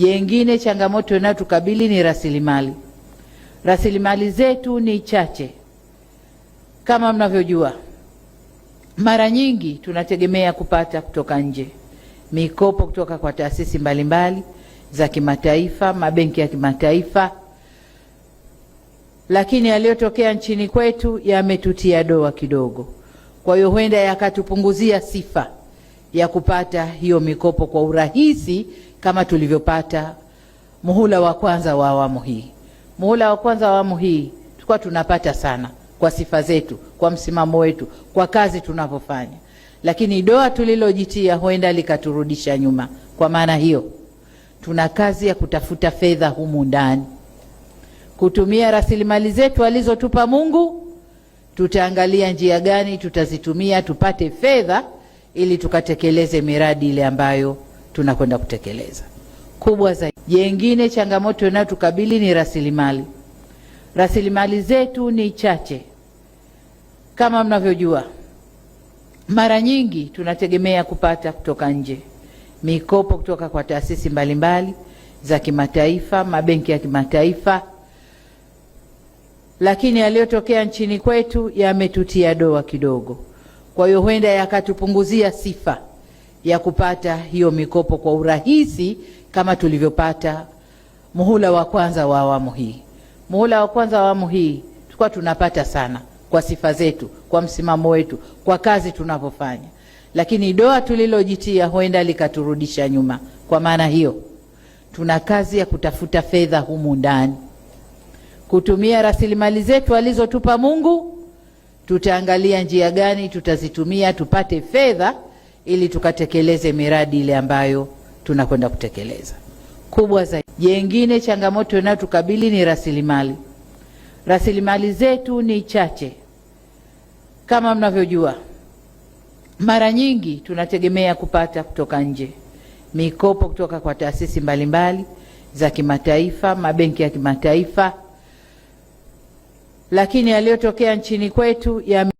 Jengine, changamoto inayotukabili ni rasilimali. Rasilimali zetu ni chache kama mnavyojua, mara nyingi tunategemea kupata kutoka nje, mikopo kutoka kwa taasisi mbalimbali za kimataifa, mabenki ya kimataifa, lakini yaliyotokea nchini kwetu yametutia doa kidogo. Kwa hiyo huenda yakatupunguzia sifa ya kupata hiyo mikopo kwa urahisi kama tulivyopata muhula wa kwanza wa awamu hii. Muhula wa kwanza wa awamu hii tulikuwa tunapata sana kwa sifa zetu, kwa msimamo wetu, kwa kazi tunavyofanya, lakini doa tulilojitia huenda likaturudisha nyuma. Kwa maana hiyo, tuna kazi ya kutafuta fedha humu ndani, kutumia rasilimali zetu alizotupa Mungu. Tutaangalia njia gani tutazitumia tupate fedha ili tukatekeleze miradi ile ambayo tunakwenda kutekeleza kubwa zaidi. Jengine, changamoto inayotukabili ni rasilimali. Rasilimali zetu ni chache, kama mnavyojua, mara nyingi tunategemea kupata kutoka nje, mikopo kutoka kwa taasisi mbalimbali za kimataifa, mabenki ya kimataifa, lakini yaliyotokea nchini kwetu yametutia doa kidogo. Kwa hiyo huenda yakatupunguzia sifa ya kupata hiyo mikopo kwa urahisi kama tulivyopata muhula wa kwanza wa awamu hii. Muhula wa kwanza wa awamu hii tulikuwa tunapata sana kwa sifa zetu, kwa msimamo wetu, kwa kazi tunavyofanya, lakini doa tulilojitia huenda likaturudisha nyuma. Kwa maana hiyo, tuna kazi ya kutafuta fedha humu ndani, kutumia rasilimali zetu alizotupa Mungu tutaangalia njia gani tutazitumia tupate fedha ili tukatekeleze miradi ile ambayo tunakwenda kutekeleza kubwa zaidi. Jengine, changamoto inayotukabili ni rasilimali. Rasilimali zetu ni chache, kama mnavyojua, mara nyingi tunategemea kupata kutoka nje, mikopo kutoka kwa taasisi mbalimbali za kimataifa, mabenki ya kimataifa lakini yaliyotokea nchini kwetu ya